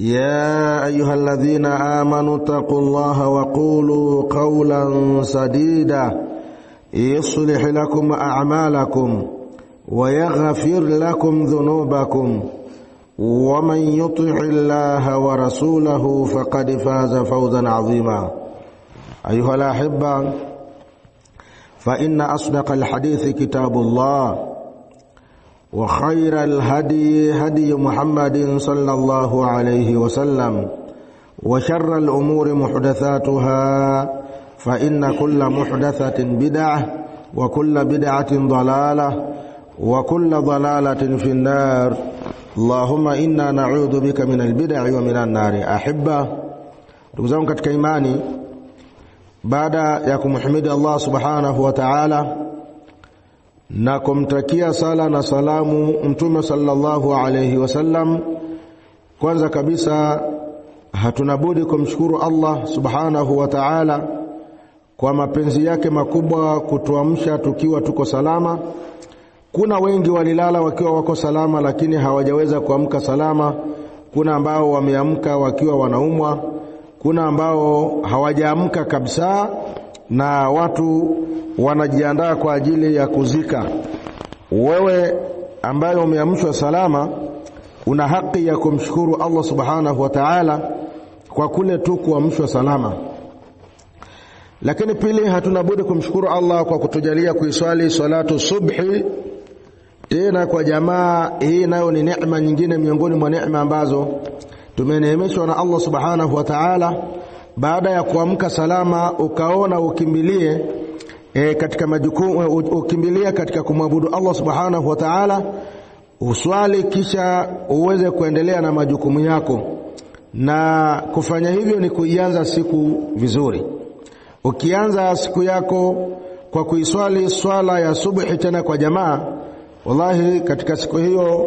يا أيها الذين آمنوا اتقوا الله وقولوا قولا سديدا يصلح لكم أعمالكم ويغفر لكم ذنوبكم ومن يطع الله ورسوله فقد فاز فوزا عظيما أيها الأحبة فإن أصدق الحديث كتاب الله وخير الهدي هدي محمد صلى الله عليه وسلم وشر الأمور محدثاتها فإن كل محدثة بدعة وكل بدعة ضلالة وكل ضلالة في النار اللهم إنا نعوذ بك من البدع ومن النار أحبة تقزون كتكيماني بعد يكم حمد الله سبحانه وتعالى na kumtakia sala na salamu Mtume sallallahu alayhi wasallam. Kwanza kabisa hatuna budi kumshukuru Allah subhanahu wa ta'ala kwa mapenzi yake makubwa kutuamsha tukiwa tuko salama. Kuna wengi walilala wakiwa wako salama, lakini hawajaweza kuamka salama. Kuna ambao wameamka wakiwa wanaumwa, kuna ambao hawajaamka kabisa, na watu wanajiandaa kwa ajili ya kuzika. Wewe ambaye umeamshwa salama, una haki ya kumshukuru Allah subhanahu wa ta'ala kwa kule tu kuamshwa salama. Lakini pili, hatuna budi kumshukuru Allah kwa kutujalia kuiswali salatu subhi tena kwa jamaa. Hii nayo ni neema nyingine miongoni mwa neema ambazo tumeneemeshwa na Allah subhanahu wa ta'ala. Baada ya kuamka salama, ukaona ukimbilie e, katika majukumu e, ukimbilia katika kumwabudu Allah subhanahu wa ta'ala, uswali kisha uweze kuendelea na majukumu yako, na kufanya hivyo ni kuianza siku vizuri. Ukianza siku yako kwa kuiswali swala ya subuhi tena kwa jamaa, wallahi katika siku hiyo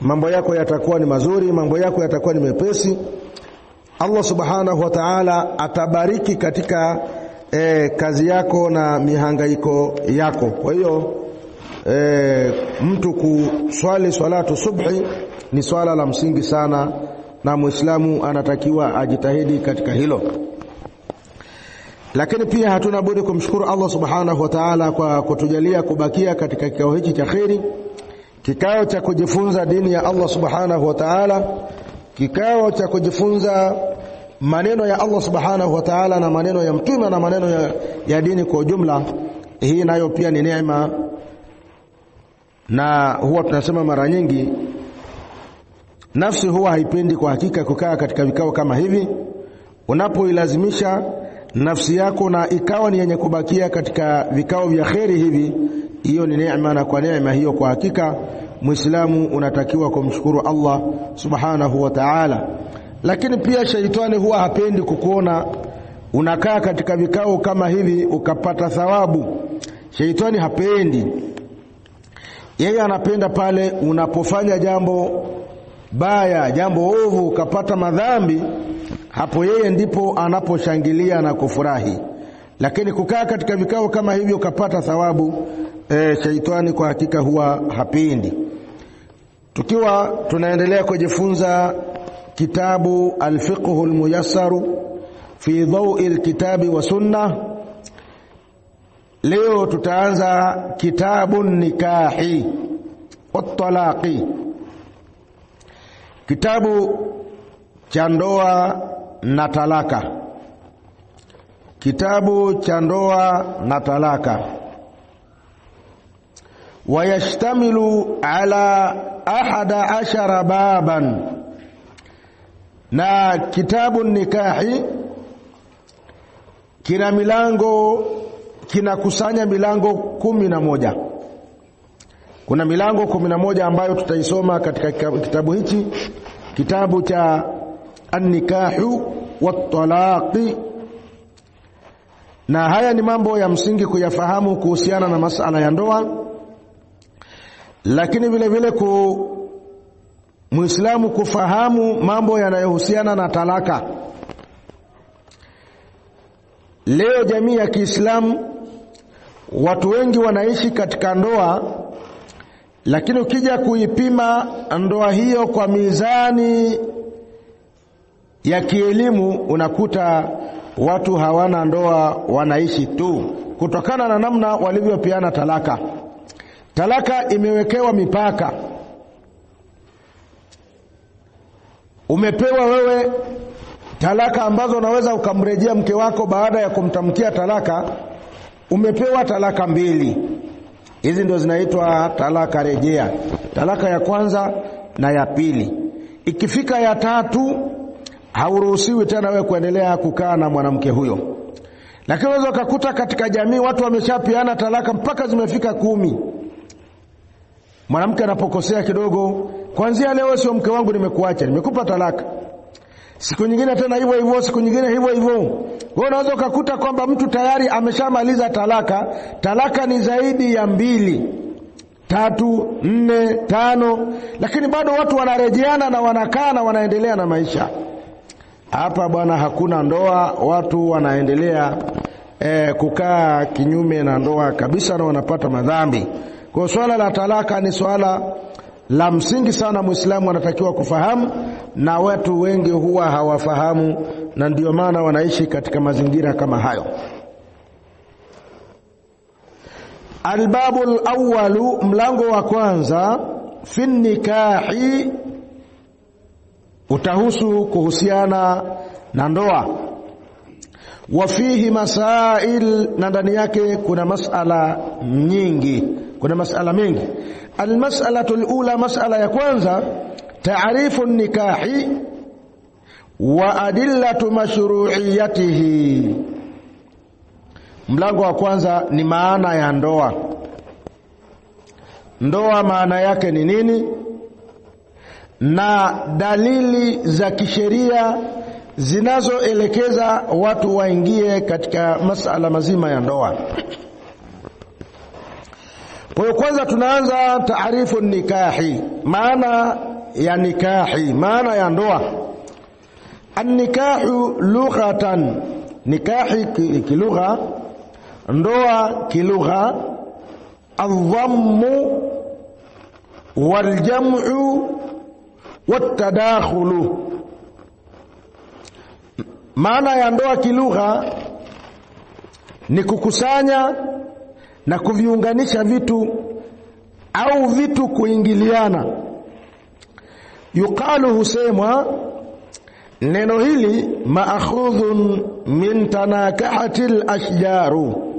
mambo yako yatakuwa ni mazuri, mambo yako yatakuwa ni mepesi. Allah subhanahu wa ta'ala atabariki katika e, kazi yako na mihangaiko yako. Kwa hiyo e, mtu kuswali swalatu subhi ni swala la msingi sana, na Muislamu anatakiwa ajitahidi katika hilo. Lakini pia hatuna budi kumshukuru Allah subhanahu wa ta'ala kwa kutujalia kubakia katika kikao hichi cha kheri, kikao cha kujifunza dini ya Allah subhanahu wa ta'ala, kikao cha kujifunza maneno ya Allah subhanahu wa ta'ala na maneno ya mtume na maneno ya, ya dini kwa ujumla. Hii nayo pia ni neema, na huwa tunasema mara nyingi, nafsi huwa haipendi kwa hakika kukaa katika vikao kama hivi. Unapoilazimisha nafsi yako na ikawa ni yenye kubakia katika vikao vya kheri hivi, hiyo ni neema, na kwa neema hiyo kwa hakika Muislamu unatakiwa kumshukuru Allah subhanahu wa ta'ala. Lakini pia sheitani huwa hapendi kukuona unakaa katika vikao kama hivi ukapata thawabu. Sheitani hapendi, yeye anapenda pale unapofanya jambo baya, jambo ovu, ukapata madhambi, hapo yeye ndipo anaposhangilia na kufurahi. Lakini kukaa katika vikao kama hivi ukapata thawabu, e, eh, sheitani kwa hakika huwa hapendi. Tukiwa tunaendelea kujifunza kitabu alfiqhu almuyassaru fi dhawi alkitabi wa sunna. Leo tutaanza kitabu nikahi wa talaqi, kitabu cha ndoa na talaka, kitabu cha ndoa na talaka. Wayashtamilu ala ahada ashara baban na kitabu nikahi kina milango kinakusanya milango kumi na moja kuna milango kumi na moja ambayo tutaisoma katika kitabu hichi kitabu cha annikahu watalaqi na haya ni mambo ya msingi kuyafahamu kuhusiana na masala ya ndoa lakini vile vile ku Muislamu kufahamu mambo yanayohusiana na talaka. Leo jamii ya Kiislamu watu wengi wanaishi katika ndoa, lakini ukija kuipima ndoa hiyo kwa mizani ya kielimu unakuta watu hawana ndoa, wanaishi tu kutokana na namna walivyopeana talaka. Talaka imewekewa mipaka. Umepewa wewe talaka ambazo unaweza ukamrejea mke wako baada ya kumtamkia talaka. Umepewa talaka mbili, hizi ndio zinaitwa talaka rejea, talaka ya kwanza na ya pili. Ikifika ya tatu, hauruhusiwi tena wewe kuendelea kukaa na mwanamke huyo. Lakini unaweza ukakuta katika jamii watu wameshapiana talaka mpaka zimefika kumi mwanamke anapokosea kidogo, kwanzia leo sio mke wangu, nimekuacha, nimekupa talaka. Siku nyingine tena hivyo hivyo, siku nyingine hivyo hivyo. Wewe unaweza ukakuta kwamba mtu tayari ameshamaliza talaka. Talaka ni zaidi ya mbili, tatu, nne, tano, lakini bado watu wanarejeana na wanakaa na wanaendelea na maisha. Hapa bwana, hakuna ndoa, watu wanaendelea eh, kukaa kinyume na ndoa kabisa na wanapata madhambi. Kwa swala la talaka ni swala la msingi sana, Muislamu anatakiwa kufahamu, na watu wengi huwa hawafahamu, na ndio maana wanaishi katika mazingira kama hayo. Albabu alawalu, mlango wa kwanza, fi nikahi, utahusu kuhusiana na ndoa. Wa fihi masail, na ndani yake kuna masala nyingi kuna masala mengi. Almasalatu alula, masala ya kwanza, taarifu nikahi wa adillatu mashru'iyatihi. Mlango wa kwanza ni maana ya ndoa. Ndoa maana yake ni nini na dalili za kisheria zinazoelekeza watu waingie katika masala mazima ya ndoa. Kwa hiyo kwanza tunaanza taarifu nikahi, maana ya nikahi, maana ya ndoa. Annikahu lughatan, nikahi kilugha, ndoa kilugha. Adhammu waljamu watadakhulu, maana ya ndoa kilugha ni kukusanya na kuviunganisha vitu au vitu kuingiliana. Yuqalu, husemwa neno hili maakhudhun min tanakahati lashjaru,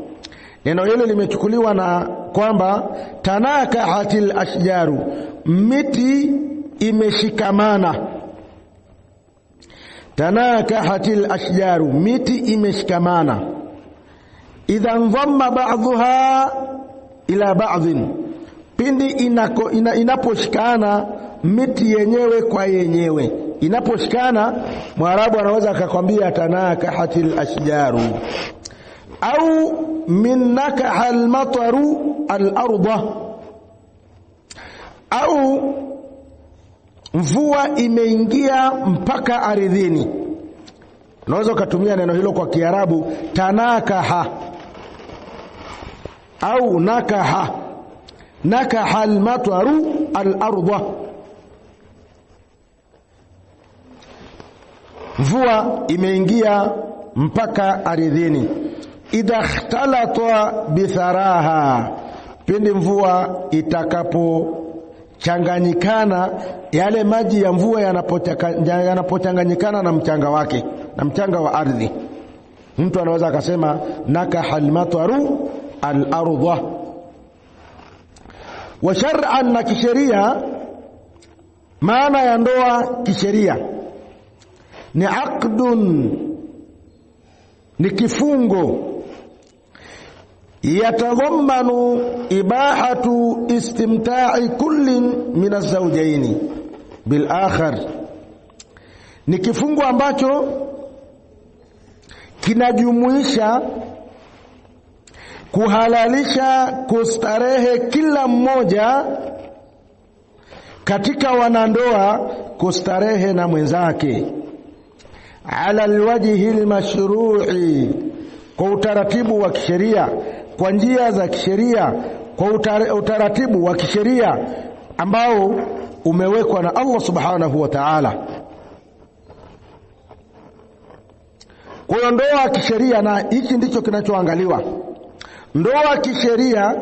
neno hili limechukuliwa na kwamba tanakahati lashjaru, miti imeshikamana. Tanakahati lashjaru, miti imeshikamana idha dhamma ba'dhuha ila ba'dhin, pindi inako, ina, inaposhikana miti yenyewe kwa yenyewe inaposhikana, Mwarabu anaweza akakwambia tanakahati lashjaru au min nakaha almataru alarda, au mvua imeingia mpaka ardhini. Unaweza ukatumia neno hilo kwa Kiarabu tanakaha au nakaha nakaha almataru alarda, mvua imeingia mpaka ardhini. Idha khtalata bitharaha, pindi mvua itakapochanganyikana, yale maji ya mvua yanapochanganyikana na mchanga wake na mchanga wa ardhi, mtu anaweza akasema nakaha almataru al-ardha wa shar'an, na kisheria. Maana ya ndoa kisheria ni aqdun, ni kifungo yatadhammanu ibahatu istimta'i kullin min az-zawjaini bil akhar, ni kifungo ambacho kinajumuisha kuhalalisha kustarehe kila mmoja katika wanandoa kustarehe na mwenzake ala alwajhi almashru'i kwa utaratibu wa kisheria kwa njia za kisheria kwa utaratibu wa kisheria ambao umewekwa na Allah subhanahu wa ta'ala. Kwa hiyo ndoa ya kisheria, na hichi ndicho kinachoangaliwa. Ndoa kisheria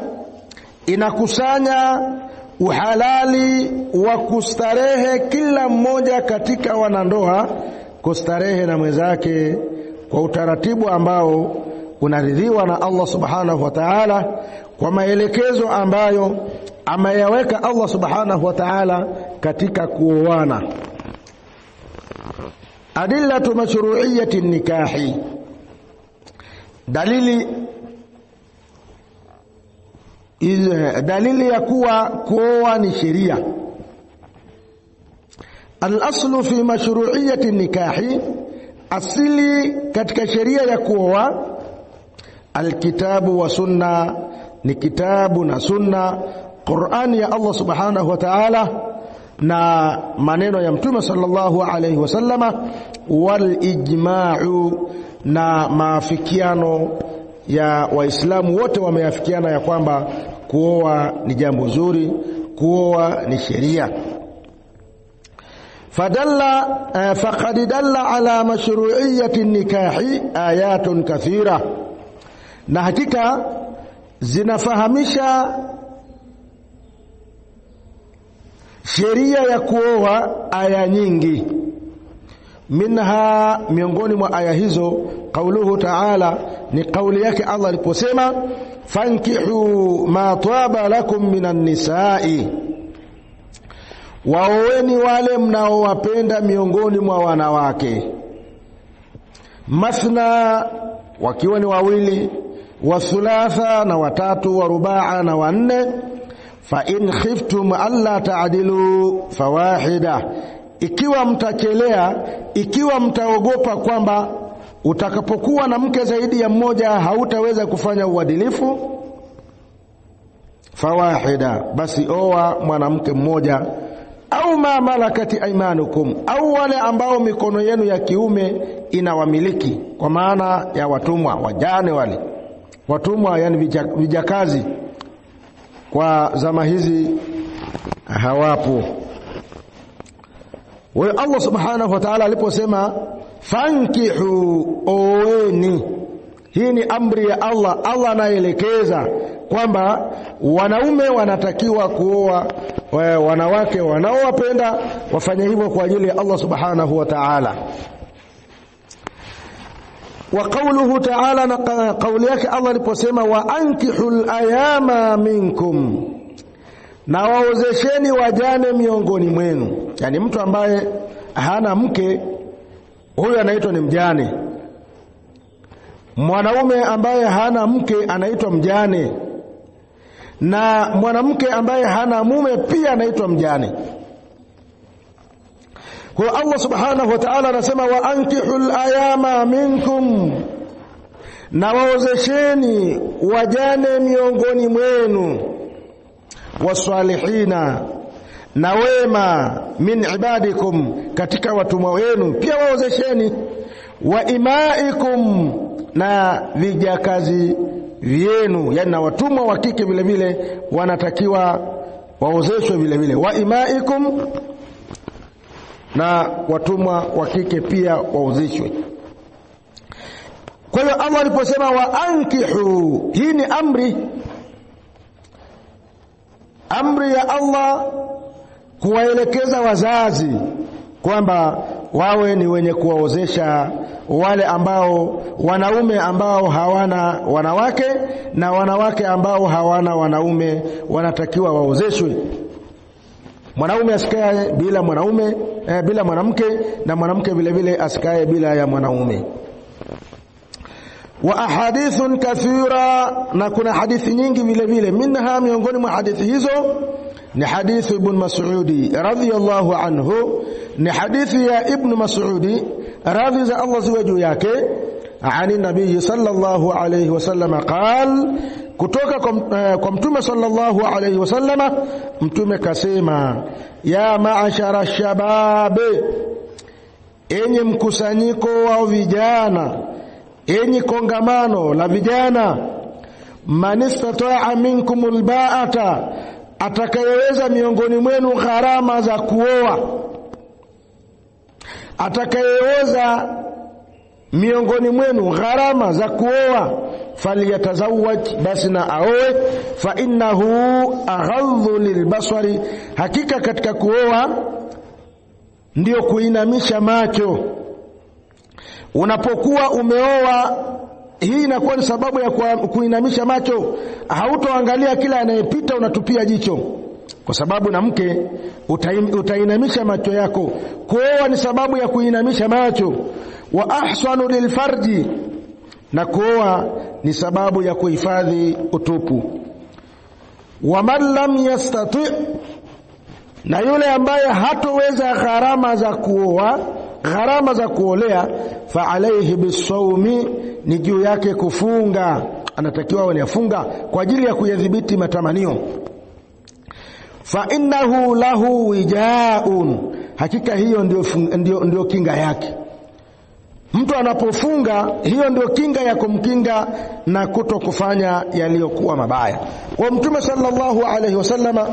inakusanya uhalali wa kustarehe kila mmoja katika wanandoa kustarehe na mwenzake kwa utaratibu ambao unaridhiwa na Allah subhanahu wa ta'ala, kwa maelekezo ambayo ameyaweka Allah subhanahu wa ta'ala katika kuoana. Adillatu mashru'iyyati nikahi, dalili ile dalili ya kuwa kuoa ni sheria. Alaslu fi mashruiyati nikahi, asili katika sheria ya kuoa. Alkitabu wa sunna, ni kitabu na sunna, Qurani ya Allah subhanahu wa ta'ala na maneno ya Mtume sallallahu alayhi wasallama, walijmau na maafikiano ya Waislamu wote wameafikiana ya kwamba kuoa ni jambo zuri, kuoa ni sheria. Fadalla eh, faqad dalla ala mashru'iyyati nikahi ayatun kathira, na hakika zinafahamisha sheria ya kuoa aya nyingi minha, miongoni mwa aya hizo qauluhu ta'ala, ni kauli yake Allah aliposema fankihu ma taba lakum minan nisai, waoweni wale mnaowapenda miongoni mwa wanawake, mathna, wakiwa ni wawili, wa thulatha, na watatu, wa rubaa, na wanne. Fa in khiftum alla ta'dilu fawahida ikiwa mtachelea, ikiwa mtaogopa kwamba utakapokuwa na mke zaidi ya mmoja hautaweza kufanya uadilifu, fawahida, basi oa mwanamke mmoja au ma malakati aimanukum, au wale ambao mikono yenu ya kiume inawamiliki, kwa maana ya watumwa, wajane wale watumwa, yani vijakazi, kwa zama hizi hawapo. Wewe Allah subhanahu wa ta'ala aliposema fankihu, oweni, hii ni amri ya Allah. Allah anaelekeza kwamba wanaume wanatakiwa kuoa e, wanawake wanaowapenda, wafanye hivyo kwa ajili ya Allah subhanahu wa ta'ala. Wa qauluhu ta'ala, na kauli yake Allah aliposema wa ankihul ayama minkum na waozesheni wajane miongoni mwenu. Yaani mtu ambaye hana mke huyu anaitwa ni mjane. Mwanaume ambaye hana mke anaitwa mjane, na mwanamke ambaye hana mume pia anaitwa mjane. Kwa Allah subhanahu wa ta'ala anasema, wa ankihul ayama minkum, na waozesheni wajane miongoni mwenu wasalihina na wema min ibadikum katika watumwa wenu pia waozesheni wa imaikum na vijakazi vyenu yani na watumwa wa kike vile vile wanatakiwa waozeshwe vile vile wa imaikum na watumwa wa kike pia waozeshwe kwa hiyo Allah aliposema wa ankihu hii ni amri amri ya Allah kuwaelekeza wazazi kwamba wawe ni wenye kuwaozesha wale ambao wanaume ambao hawana wanawake na wanawake ambao hawana wanaume wanatakiwa waozeshwe. Mwanaume asikae bila mwanaume eh, bila mwanamke na mwanamke vile vile asikae bila ya mwanaume wa ahadithun kathira, na kuna hadithi nyingi vile vile. Minha, miongoni mwa hadithi hizo ni hadithi Ibn Mas'udi radhiyallahu anhu, ni hadithi ya Ibn Mas'udi, radhi za Allah ziwe juu yake, ani nabii sallallahu alayhi wasallam qal, kutoka eh, kwa mtume sallallahu alayhi wasallama, mtume kasema, ya maashara shababe, enye mkusanyiko wa vijana enyi kongamano la vijana, man istataa minkum lbaata atakayeweza miongoni mwenu gharama za kuoa, atakayeweza miongoni mwenu gharama za kuoa falyatazawaj, basi na aoe. Fa innahu aghadhu lilbasari, hakika katika kuoa ndiyo kuinamisha macho Unapokuwa umeoa hii inakuwa ni sababu ya kuinamisha macho, hautoangalia kila anayepita, unatupia jicho kwa sababu na mke utainamisha macho yako. Kuoa ni sababu ya kuinamisha macho. Wa ahsanu lilfarji, na kuoa ni sababu ya kuhifadhi utupu. Wa man lam yastati, na yule ambaye hatoweza gharama za kuoa gharama za kuolea, fa alaihi bisaumi, ni juu yake kufunga. Anatakiwa awe afunga kwa ajili ya kuyadhibiti matamanio. Fa innahu lahu wijaun, hakika hiyo ndio, ndio, ndio kinga yake. Mtu anapofunga hiyo ndio kinga ya kumkinga na kuto kufanya yaliyokuwa mabaya. Kwa Mtume sallallahu alaihi wasallama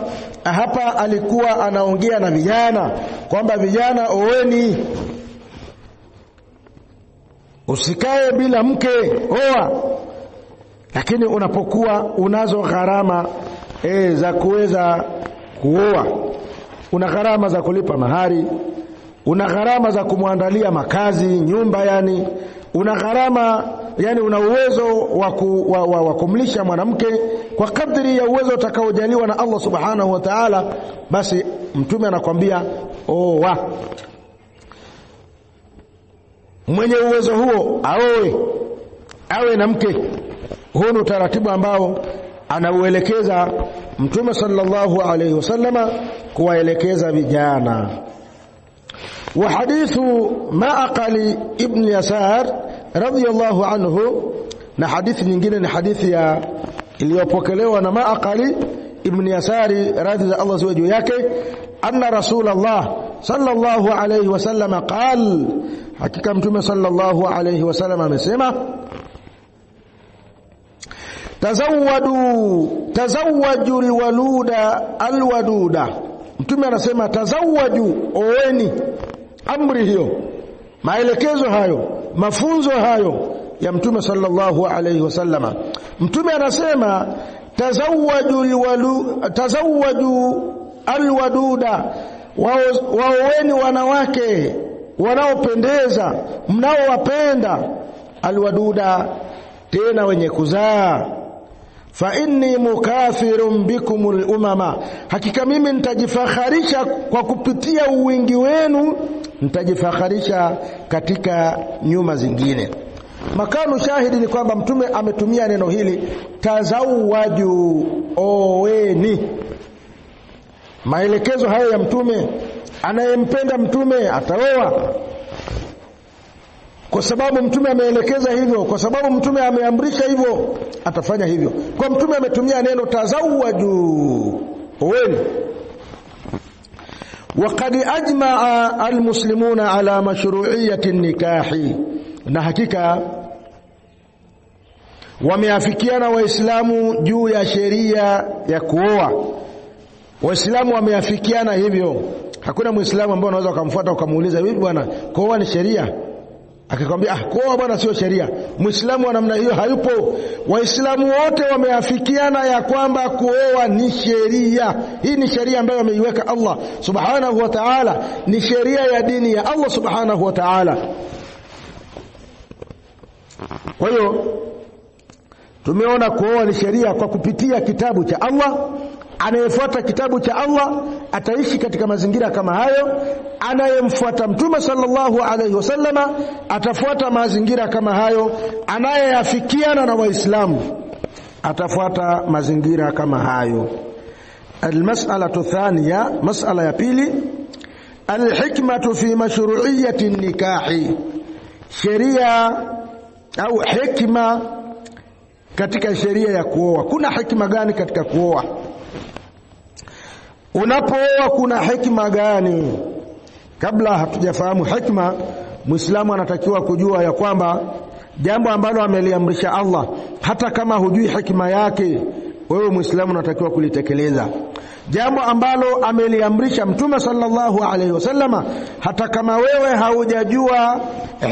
hapa alikuwa anaongea na vijana kwamba vijana, oweni Usikae bila mke, oa. Lakini unapokuwa unazo gharama e, za kuweza kuoa, una gharama za kulipa mahari, una gharama za kumwandalia makazi, nyumba, yani una gharama yani una uwezo wa, ku, wa, wa, wa kumlisha mwanamke kwa kadri ya uwezo utakaojaliwa na Allah subhanahu wa ta'ala. Basi mtume anakwambia oa mwenye uwezo huo aoe, awe na mke. Huu ni utaratibu ambao anauelekeza Mtume sallallahu alaihi wasallama kuwaelekeza vijana. Wa hadithu Maaqali ibn Yasar radhiyallahu anhu, na hadithi nyingine ni hadithi ya iliyopokelewa na Maaqali ibn Yasari, radhi za Allah ziwe juu yake, anna rasulullah sallallahu alayhi wasallam qal, hakika mtume sallallahu alayhi wasallam amesema tazawwadu tazawwaju alwaluda alwaduda. Mtume anasema tazawwaju, oweni. Amri hiyo, maelekezo hayo, mafunzo hayo ya mtume sallallahu alayhi wasallama. Mtume anasema tazawwaju alwaluda tazawwaju alwaduda waoweni wanawake wanaopendeza mnaowapenda alwaduda tena wenye kuzaa fa inni mukafirun bikum lumama hakika mimi nitajifaharisha kwa kupitia uwingi wenu, nitajifaharisha katika nyuma zingine. makanu shahidi ni kwamba Mtume ametumia neno hili tazawaju, oweni maelekezo hayo ya Mtume. Anayempenda Mtume ataoa kwa sababu Mtume ameelekeza hivyo, kwa sababu Mtume ameamrisha hivyo, atafanya hivyo. Kwa Mtume ametumia neno tazawaju, oweni. Waqad ajmaa almuslimuna ala mashruiyati nikahi, na hakika wameafikiana Waislamu juu ya sheria ya kuoa Waislamu wameafikiana hivyo, hakuna mwislamu ambaye unaweza ukamfuata ukamuuliza hivi, bwana, kuoa ni sheria? Akikwambia ah, kuoa bwana sio sheria, mwislamu wa namna hiyo hayupo. Waislamu wote wameafikiana ya kwamba kuoa ni sheria. Hii ni sheria ambayo ameiweka Allah subhanahu wa ta'ala, ni sheria ya dini ya Allah subhanahu wa ta'ala. Kwa hiyo tumeona kuoa ni sheria kwa kupitia kitabu cha Allah anayefuata kitabu cha Allah ataishi katika mazingira kama hayo, anayemfuata Mtume sallallahu alaihi wasallama atafuata mazingira kama hayo, anayeafikiana na Waislamu atafuata mazingira kama hayo. Almas'alatu thaniya, mas'ala ya pili, alhikmatu fi mashru'iyyati nikahi, sheria au hikma katika sheria ya kuoa. Kuna hikma gani katika kuoa? Unapooa kuna hikma gani? Kabla hatujafahamu hikma, Muislamu anatakiwa kujua ya kwamba jambo ambalo ameliamrisha Allah, hata kama hujui hikma yake, wewe Muislamu unatakiwa kulitekeleza. Jambo ambalo ameliamrisha Mtume sallallahu alaihi wasallama, hata kama wewe haujajua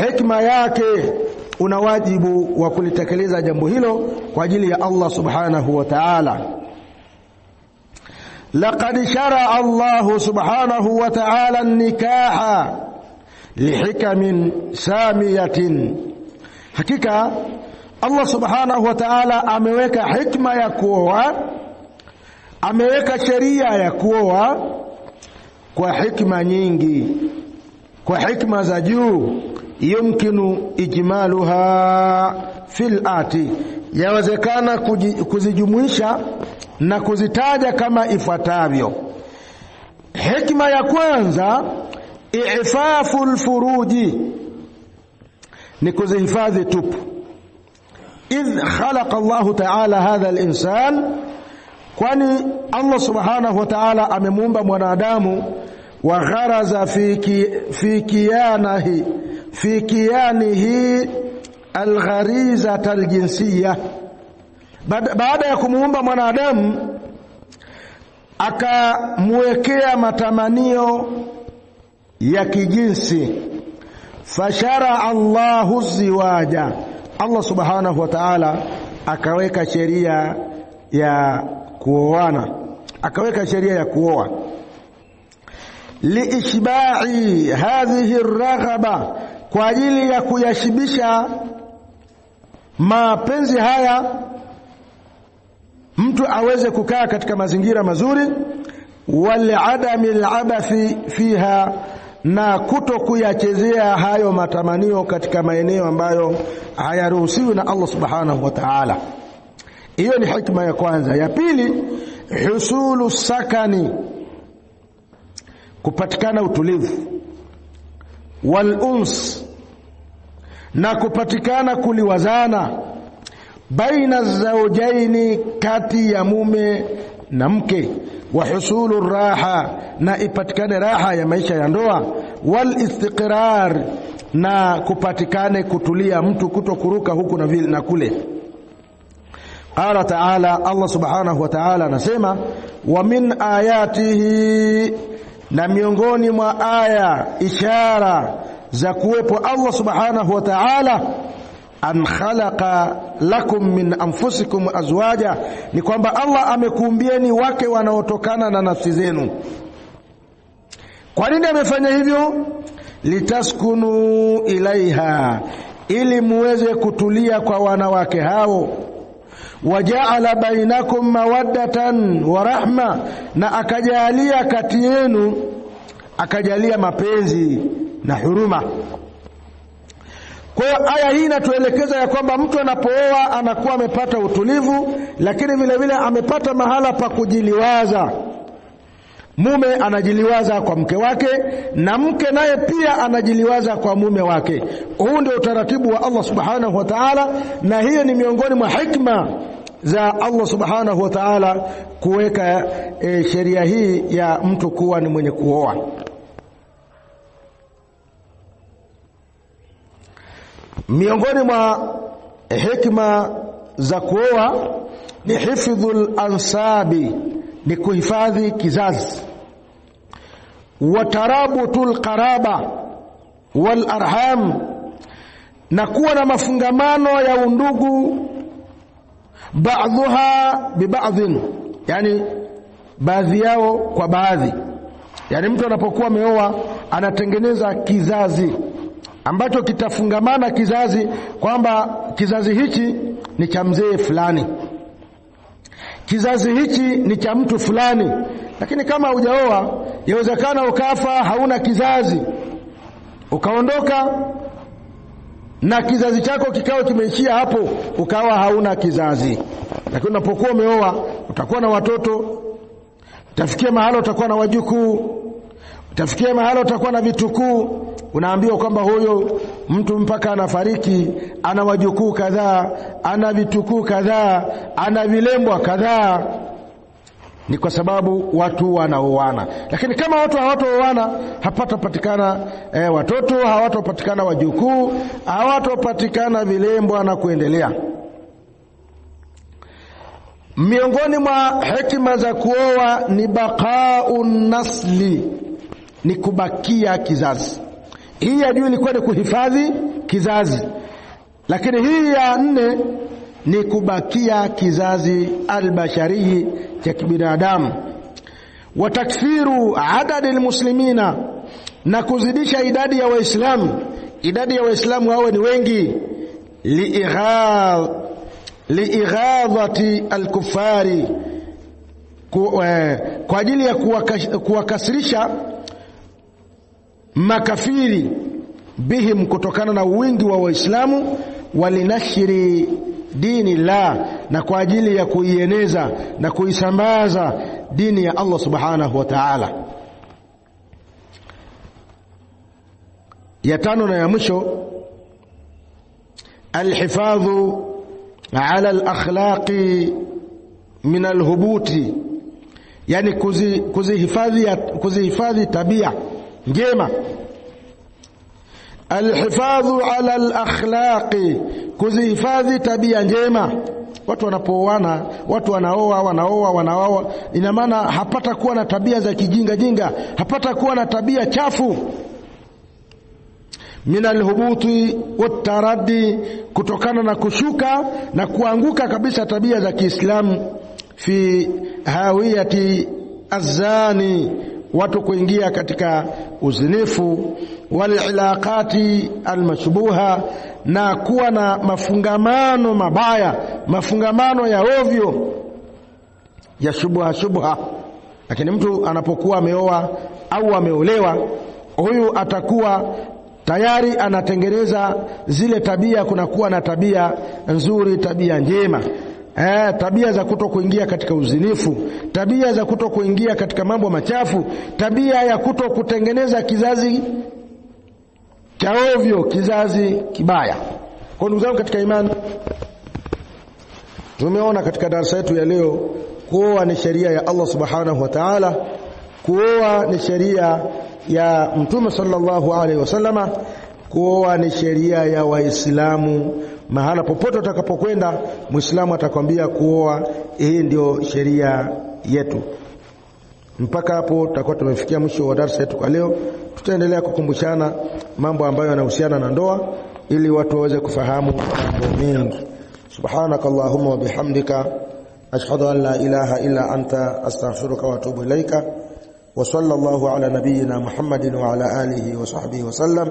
hikma yake, una wajibu wa kulitekeleza jambo hilo kwa ajili ya Allah subhanahu wa ta'ala. لقد شرع الله سبحانه وتعالى النكاح لحكم سامية hakika Allah subhanahu wa ta'ala ameweka hikma ya kuoa, ameweka sheria ya kuoa kwa hikma nyingi, kwa hikma za juu. Yumkinu ijmaluha fil ati, yawezekana kuzijumuisha na kuzitaja kama ifuatavyo. Hikma ya kwanza, ifafu lfuruji, ni kuzihifadhi tupu. Idh khalaqa Allahu taala hadha linsan, kwani Allah subhanahu wa taala amemuumba mwanadamu wa gharaza fi fi kiyanihi fi kiyanihi algharizata aljinsiyah baada ya kumuumba mwanadamu akamwekea matamanio ya kijinsi fashara Allahu ziwaja, Allah subhanahu wa ta'ala akaweka sheria ya kuoana, akaweka sheria ya kuoa liishbai hadhihi raghaba, kwa ajili ya kuyashibisha mapenzi haya mtu aweze kukaa katika mazingira mazuri, waladami labathi fiha, na kuto kuyachezea hayo matamanio katika maeneo ambayo hayaruhusiwi na Allah subhanahu wa ta'ala. Hiyo ni hikma ya kwanza. Ya pili, husulu sakani, kupatikana utulivu, wal uns, na kupatikana kuliwazana baina zaujaini, kati ya mume na mke, wa husulu raha, na ipatikane raha ya maisha ya ndoa, wal istiqrar, na kupatikane kutulia mtu kuto kuruka huku na vile na kule. Qala taala, Allah subhanahu wa taala anasema, wa min ayatihi, na miongoni mwa aya ishara za kuwepo Allah subhanahu wa taala am khalaqa lakum min anfusikum azwaja, ni kwamba Allah amekuumbieni wake wanaotokana na nafsi zenu. Kwa nini amefanya hivyo? litaskunu ilaiha, ili muweze kutulia kwa wanawake hao. Wajaala bainakum mawaddatan wa rahma, na akajalia kati yenu, akajalia mapenzi na huruma. Kwa hiyo aya hii inatuelekeza ya kwamba mtu anapooa anakuwa amepata utulivu, lakini vile vile amepata mahala pa kujiliwaza. Mume anajiliwaza kwa mke wake na mke naye pia anajiliwaza kwa mume wake. Huu ndio utaratibu wa Allah subhanahu wa ta'ala, na hiyo ni miongoni mwa hikma za Allah subhanahu wa ta'ala kuweka e, sheria hii ya mtu kuwa ni mwenye kuoa. Miongoni mwa hekima za kuoa ni hifdhul ansabi, ni kuhifadhi kizazi, watarabutul qaraba wal arham, na kuwa na mafungamano ya undugu, baadhuha bibaadhin yani baadhi yao kwa baadhi. Yani mtu anapokuwa ameoa anatengeneza kizazi ambacho kitafungamana kizazi, kwamba kizazi hichi ni cha mzee fulani, kizazi hichi ni cha mtu fulani. Lakini kama hujaoa, yawezekana ukafa, hauna kizazi, ukaondoka na kizazi chako kikawa kimeishia hapo, ukawa hauna kizazi. Lakini unapokuwa umeoa, utakuwa na watoto, utafikia mahala utakuwa na wajukuu, utafikia mahala utakuwa na vitukuu unaambiwa kwamba huyo mtu mpaka anafariki ana wajukuu kadhaa, ana vitukuu kadhaa, ana vilembwa kadhaa. Ni kwa sababu watu wanaoana, lakini kama watu hawatooana hapatapatikana e, eh, watoto hawatopatikana, wajukuu hawatopatikana, vilembwa na kuendelea. Miongoni mwa hekima za kuoa ni baqaun nasli, ni kubakia kizazi hii ya juu ilikuwa ni kuhifadhi kizazi, lakini hii ya nne ni kubakia kizazi albashari cha kibinadamu. Wa takfiru adadi lmuslimina, na kuzidisha idadi ya Waislamu, idadi ya Waislamu wawe ni wengi. Liighadhati alkufari, eh, kwa ajili ya kuwakasirisha makafiri bihim, kutokana na wingi wa Waislamu, walinashiri dini la, na kwa ajili ya kuieneza na kuisambaza dini ya Allah subhanahu wa ta'ala. Ya tano na ya mwisho, alhifadhu ala alakhlaqi min alhubuti, yani kuzihifadhi kuzi kuzihifadhi tabia njema. Alhifadhu ala alakhlaqi, kuzihifadhi tabia njema. Watu wanapooana, watu wanaoa, wanaoa, wanaoa, ina maana hapata kuwa na tabia za kijinga jinga, hapata kuwa na tabia chafu. Min alhubuti wataraddi, kutokana na kushuka na kuanguka kabisa tabia za Kiislamu. Fi hawiyati azani watu kuingia katika uzinifu walilaqati almashbuha, na kuwa na mafungamano mabaya, mafungamano ya ovyo ya shubha shubha. Lakini mtu anapokuwa ameoa au ameolewa, huyu atakuwa tayari anatengeneza zile tabia, kunakuwa na tabia nzuri, tabia njema Eh, tabia za kuto kuingia katika uzinifu, tabia za kuto kuingia katika mambo machafu, tabia ya kuto kutengeneza kizazi cha ovyo, kizazi kibaya. Kwa ndugu zangu katika imani, tumeona katika darasa yetu ya leo, kuoa ni sheria ya Allah subhanahu wa ta'ala, kuoa ni sheria ya Mtume sallallahu alaihi wasallama Kuoa ni sheria ya Waislamu. Mahala popote utakapokwenda, Mwislamu atakwambia kuoa, hii ndio sheria yetu. Mpaka hapo tutakuwa tumefikia mwisho wa darasa yetu kwa leo. Tutaendelea kukumbushana mambo ambayo yanahusiana na ndoa ili watu waweze kufahamu mambo mengi. Subhanaka Allahumma wa bihamdika ashhadu an la ilaha illa anta astaghfiruka wa atubu ilaika wa sallallahu ala nabiyyina Muhammadin wa ala alihi wa sahbihi wa sallam.